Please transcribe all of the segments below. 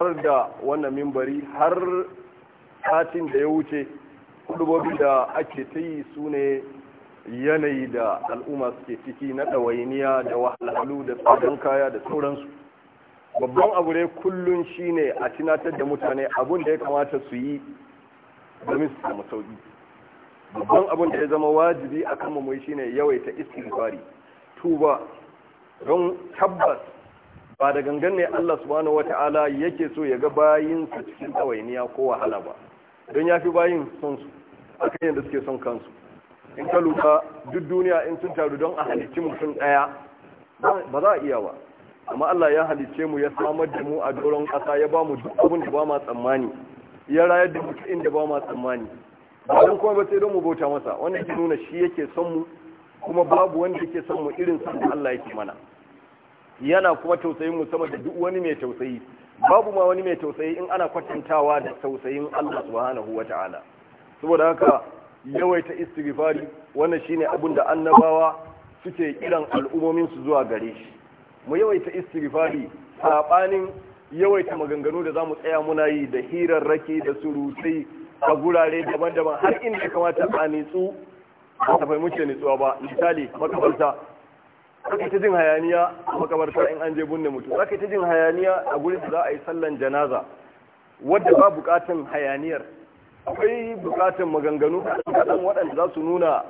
har da wannan mimbari har satin da ya wuce kudubobi da ake ta yi su ne yanayi da al'umma suke ciki na ɗawainiya da wahalhalu da tsadon kaya da sauransu babban abu ne kullum ne a tunatar da mutane abun da ya kamata su yi domin su samu sauƙi babban abun da ya zama wajibi a kan shi shine yawaita fari tuba don tabbas ba da gangan ne Allah subhanahu wata'ala yake so ya ga bayin cikin ɗawainiya ko wahala ba don ya fi bayin son su kan yadda suke son kansu in ka lura duk duniya in sun taru don a halicci mutum ɗaya ba za a iya ba amma Allah ya halicce mu ya samar da mu a doron ƙasa ya ba mu duk abin da ba ma tsammani ya rayar da mutum inda ba ma tsammani ba don kuma ba sai don mu bauta masa wannan ke nuna shi yake son mu kuma babu wanda yake son mu irin son da Allah yake mana yana kuma tausayin mu sama da duk wani mai tausayi babu ma wani mai tausayi in ana kwatantawa da tausayin Allah subhanahu ta'ala saboda haka yawaita istighfari wannan shine abun da annabawa suke kiran al'umomin su zuwa gare shi mu yawaita istighfari sabanin yawaita maganganu da zamu tsaya muna yi da hirarraki da surutai a gurare daban-daban har inda ya kamata a nitsu ba ta fahimci nitsuwa ba misali makabarta zaka ta jin hayaniya a makabarta in an je binne mutum zaka ta jin hayaniya a gurin da za a yi sallan janaza wadda ba bukatan hayaniyar akwai bukatan maganganu kaɗan waɗanda za su nuna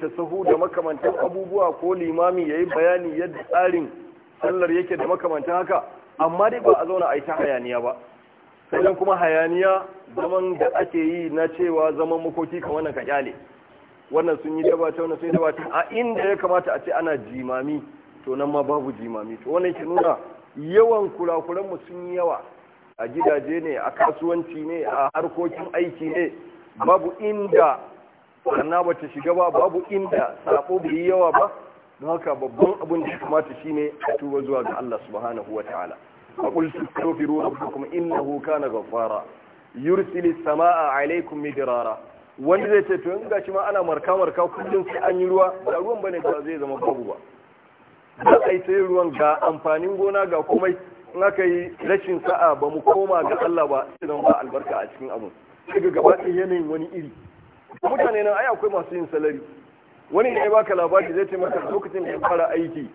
ta sahu da makamantan abubuwa ko limami ya yi bayani yadda tsarin sallar yake da makamantan haka amma dai ba a zauna a yi ta hayaniya ba sai kuma hayaniya zaman da ake yi na cewa zaman makoki kamar na ka kyale wannan sun yi daba ta wannan sun yi daba ta a inda ya kamata a ce ana jimami to nan ma babu jimami to wannan ke nuna yawan kurakuran mu sun yi yawa a gidaje ne a kasuwanci ne a harkokin aiki ne babu inda sannan ba ta shiga ba babu inda sabo bai yi yawa ba don haka babban abin da ya kamata shine a tuba zuwa ga Allah subhanahu wa ta'ala aqul tastaghfiru rabbakum innahu kana ghaffara yursilis samaa alaykum midrara wanda zai ce to in gashi ma ana marka marka kullum sai an yi ruwa da ruwan bane ba zai zama babu ba za a yi sai ruwan ga amfanin gona ga komai in aka yi rashin sa'a ba mu koma ga Allah ba sai ba albarka a cikin abu sai ga gaba yanayin wani iri mutane nan ai akwai masu yin salari wani ne ya baka labari zai ce lokacin da ya fara aiki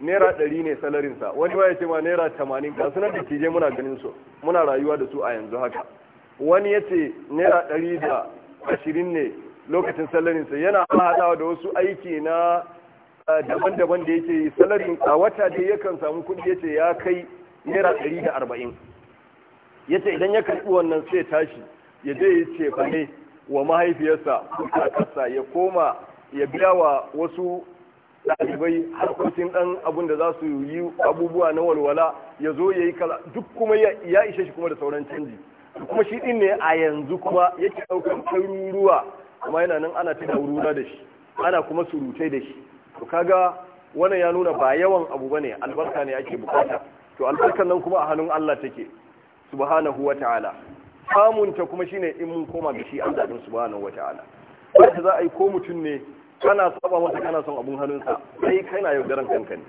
naira ɗari ne salarinsa wani ma ya ce ma naira tamanin ga sunan da tije muna ganin su muna rayuwa da su a yanzu haka wani ya ce naira ɗari da ashirin ne lokacin salarinsa yana haɗawa da wasu aiki na daban-daban da yake salarin a wata dai yakan samu kuɗi yace ya kai naira ɗari da arba'in yace idan ya karɓi wannan sai tashi ya je ya ce fane wa mahaifiyarsa a kasa ya koma ya biya wa wasu ɗalibai harkokin ɗan abunda da za su yi abubuwa na walwala ya zo ya yi kala duk kuma ya ishe shi kuma da sauran canji kuma shi din ne a yanzu kuma yake ɗaukar karuruwa kuma yana nan ana ta ɗaurura da shi ana kuma surutai da shi to kaga wannan ya nuna ba yawan abu bane albarka ne ake bukata to albarkan nan kuma a hannun Allah take subhanahu wata'ala samun ta kuma shine in mun koma ga shi Allah din subhanahu wata'ala wanda za a yi ko mutum ne kana saba masa kana son abun hannun sa sai kana yaudaran kanka ne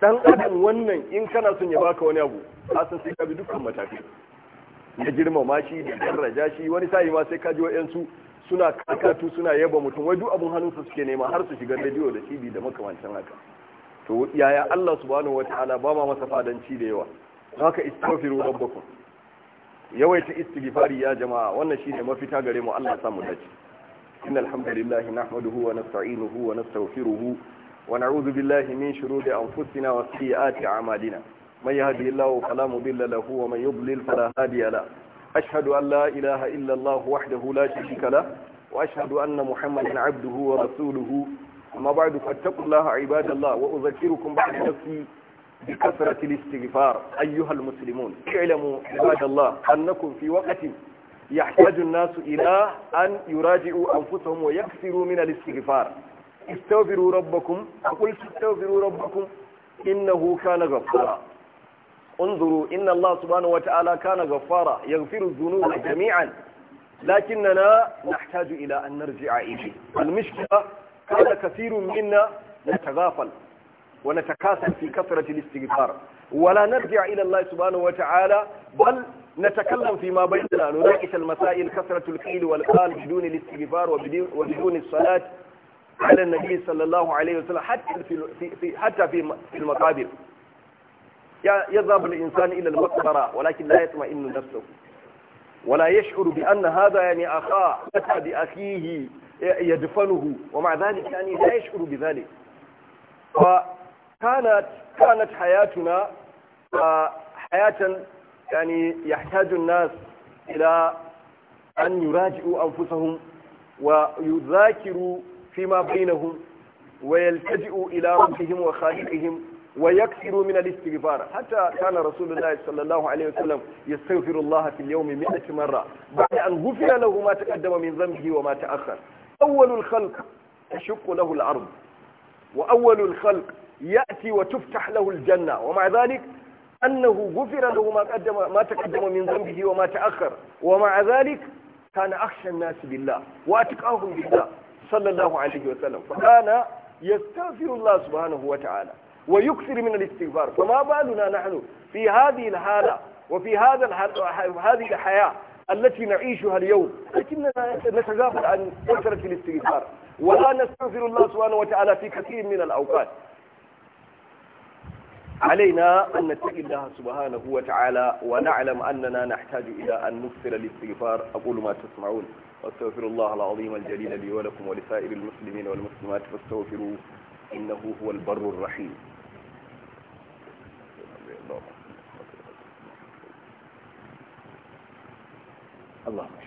dan adam wannan in kana son ya baka wani abu asan san sai ka bi dukkan matakai ya girmama shi da raja shi wani sa'i ma sai ka ji wa'yansu suna kakatu suna yaba mutum wai duk hannun su suke nema har su shiga rediyo da tv da makamancin haka to yaya Allah subhanahu wataala ba ma masa fadanci da yawa haka istaghfiru rabbakum yawaita istighfari ya jama'a wannan shine mafita gare mu Allah ya mu dace innal hamdalillah nahmaduhu wa nasta'inuhu wa nastaghfiruhu wa na'udhu billahi min shururi wasu wa sayyiati a'malina من يهدي الله فلا مضل له ومن يضلل فلا هادي له أشهد أن لا إله إلا الله وحده لا شريك له وأشهد أن محمدا عبده ورسوله أما بعد فاتقوا الله عباد الله وأذكركم بعد نفسي بكثرة الاستغفار أيها المسلمون اعلموا عباد الله أنكم في وقت يحتاج الناس إلى أن يراجعوا أنفسهم ويكثروا من الاستغفار استغفروا ربكم فقلت استغفروا ربكم إنه كان غفارا انظروا إن الله سبحانه وتعالى كان غفارا يغفر الذنوب جميعا لكننا نحتاج إلى أن نرجع إليه المشكلة كان كثير منا نتغافل ونتكاسل في كثرة الاستغفار ولا نرجع إلى الله سبحانه وتعالى بل نتكلم فيما بيننا نناقش المسائل كثرة القيل والقال بدون الاستغفار وبدون الصلاة على النبي صلى الله عليه وسلم حتى في حتى في المقابر يذهب الإنسان إلى المقبرة ولكن لا يطمئن نفسه ولا يشعر بأن هذا يعني أخاه أتى بأخيه يدفنه ومع ذلك يعني لا يشعر بذلك فكانت كانت حياتنا آه، حياة يعني يحتاج الناس إلى أن يراجعوا أنفسهم ويذاكروا فيما بينهم ويلتجئوا إلى ربهم وخالقهم ويكثر من الاستغفار حتى كان رسول الله صلى الله عليه وسلم يستغفر الله في اليوم 100 مرة بعد أن غفر له ما تقدم من ذنبه وما تأخر أول الخلق تشق له الأرض وأول الخلق يأتي وتفتح له الجنة ومع ذلك أنه غفر له ما قدم ما تقدم من ذنبه وما تأخر ومع ذلك كان أخشى الناس بالله وأتقاهم بالله صلى الله عليه وسلم فكان يستغفر الله سبحانه وتعالى ويكثر من الاستغفار فما بالنا نحن في هذه الحالة وفي هذا هذه الحياة التي نعيشها اليوم لكننا نتغافل عن كثرة الاستغفار ولا نستغفر الله سبحانه وتعالى في كثير من الأوقات علينا أن نتقي الله سبحانه وتعالى ونعلم أننا نحتاج إلى أن نكثر الاستغفار أقول ما تسمعون واستغفر الله العظيم الجليل لي ولكم ولسائر المسلمين والمسلمات فاستغفروه إنه هو البر الرحيم اللهم اللهم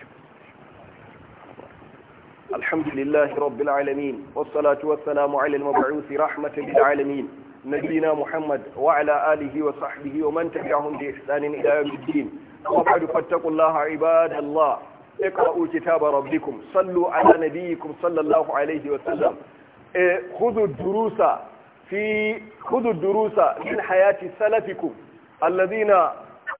الحمد لله رب العالمين والصلاة والسلام على المبعوث رحمة للعالمين نبينا محمد وعلى آله وصحبه ومن تبعهم بإحسان إلى يوم الدين وبعد فاتقوا الله عباد الله اقرأوا كتاب ربكم صلوا على نبيكم صلى الله عليه وسلم إيه، خذوا الدروس في خذوا الدروس من حياة سلفكم الذين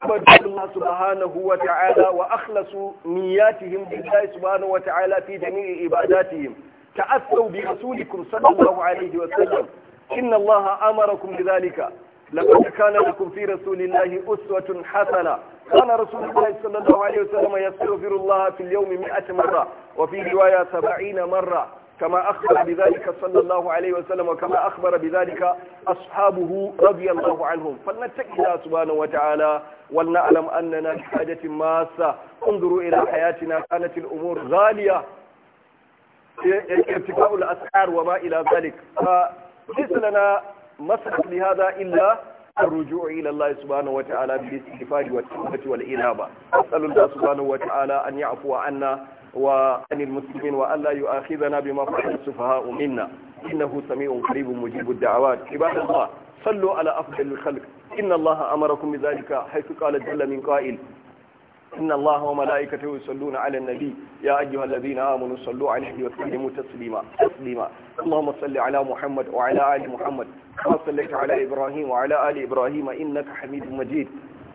عبدوا الله سبحانه وتعالى وأخلصوا نياتهم لله سبحانه وتعالى في جميع عباداتهم تأثوا برسولكم صلى الله عليه وسلم إن الله أمركم بذلك لقد كان لكم في رسول الله أسوة حسنة كان رسول الله صلى الله عليه وسلم يستغفر الله في اليوم مئة مرة وفي رواية سبعين مرة كما أخبر بذلك صلى الله عليه وسلم وكما أخبر بذلك أصحابه رضي الله عنهم فلنتك الله سبحانه وتعالى ولنعلم أننا بحاجة ماسة انظروا إلى حياتنا كانت الأمور غالية ارتفاع الأسعار وما إلى ذلك فليس لنا مسلك لهذا إلا الرجوع إلى الله سبحانه وتعالى بالاستغفار والتوبة والإنابة أسأل الله سبحانه وتعالى أن يعفو عنا وعن المسلمين وألا يؤاخذنا بما فعل السفهاء منا إنه سميع قريب مجيب الدعوات عباد الله صلوا على أفضل الخلق إن الله أمركم بذلك حيث قال جل من قائل إن الله وملائكته يصلون على النبي يا أيها الذين آمنوا صلوا عليه وسلموا تسليما تسليما اللهم صل على محمد وعلى آل محمد كما صليت على إبراهيم وعلى آل إبراهيم إنك حميد مجيد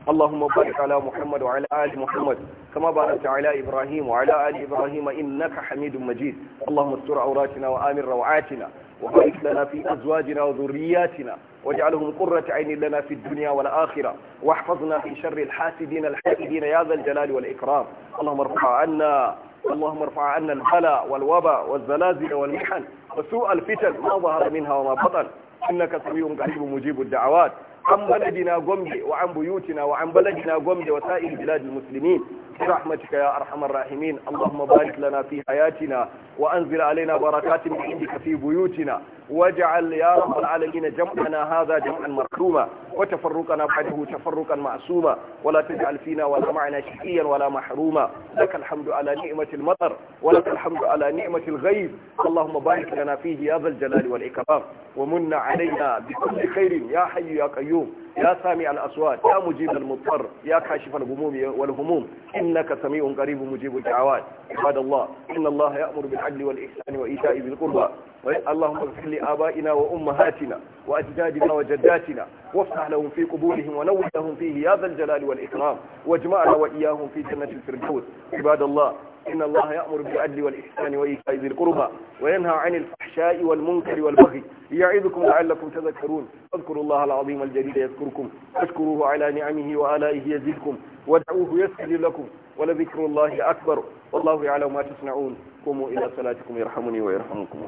اللهم بارك على محمد وعلى آل محمد كما باركت على إبراهيم وعلى آل إبراهيم إنك حميد مجيد اللهم استر عوراتنا وآمن روعاتنا وبارك لنا في أزواجنا وذرياتنا واجعلهم قرة عين لنا في الدنيا والآخرة واحفظنا في شر الحاسدين الحاسدين يا ذا الجلال والإكرام اللهم ارفع عنا اللهم ارفع عنا البلاء والوباء والزلازل والمحن وسوء الفتن ما ظهر منها وما بطن إنك سميع قريب مجيب الدعوات an baladina gombe wa an buyutina wa an baladina gombe wa sa'ir biladil muslimin برحمتك يا أرحم الراحمين اللهم بارك لنا في حياتنا وأنزل علينا بركات من عندك في بيوتنا واجعل يا رب العالمين جمعنا هذا جمعا مرحوما وتفرقنا بعده تفرقا معصوما ولا تجعل فينا ولا معنا شقيا ولا محروما لك الحمد على نعمة المطر ولك الحمد على نعمة الغيب اللهم بارك لنا فيه يا ذا الجلال والإكرام ومن علينا بكل خير يا حي يا قيوم يا سامع الأصوات يا مجيب المضطر يا كاشف الغموم والهموم إنك سميع قريب مجيب الدعوات عباد الله إن الله يأمر بالعدل والإحسان وإيتاء ذي القربى اللهم اغفر لآبائنا وأمهاتنا وأجدادنا وجداتنا وافتح لهم في قبورهم ونور لهم فيه يا ذا الجلال والإكرام واجمعنا وإياهم في جنة الفردوس عباد الله إن الله يأمر بالعدل والإحسان وإيتاء ذي القربى وينهى عن الفحشاء والمنكر والبغي يعظكم لعلكم تذكرون اذكروا الله العظيم الجليل يذكركم واشكروه على نعمه وآلائه يزدكم وادعوه يسجد لكم ولذكر الله أكبر والله يعلم ما تصنعون قوموا إلى صلاتكم يرحمني ويرحمكم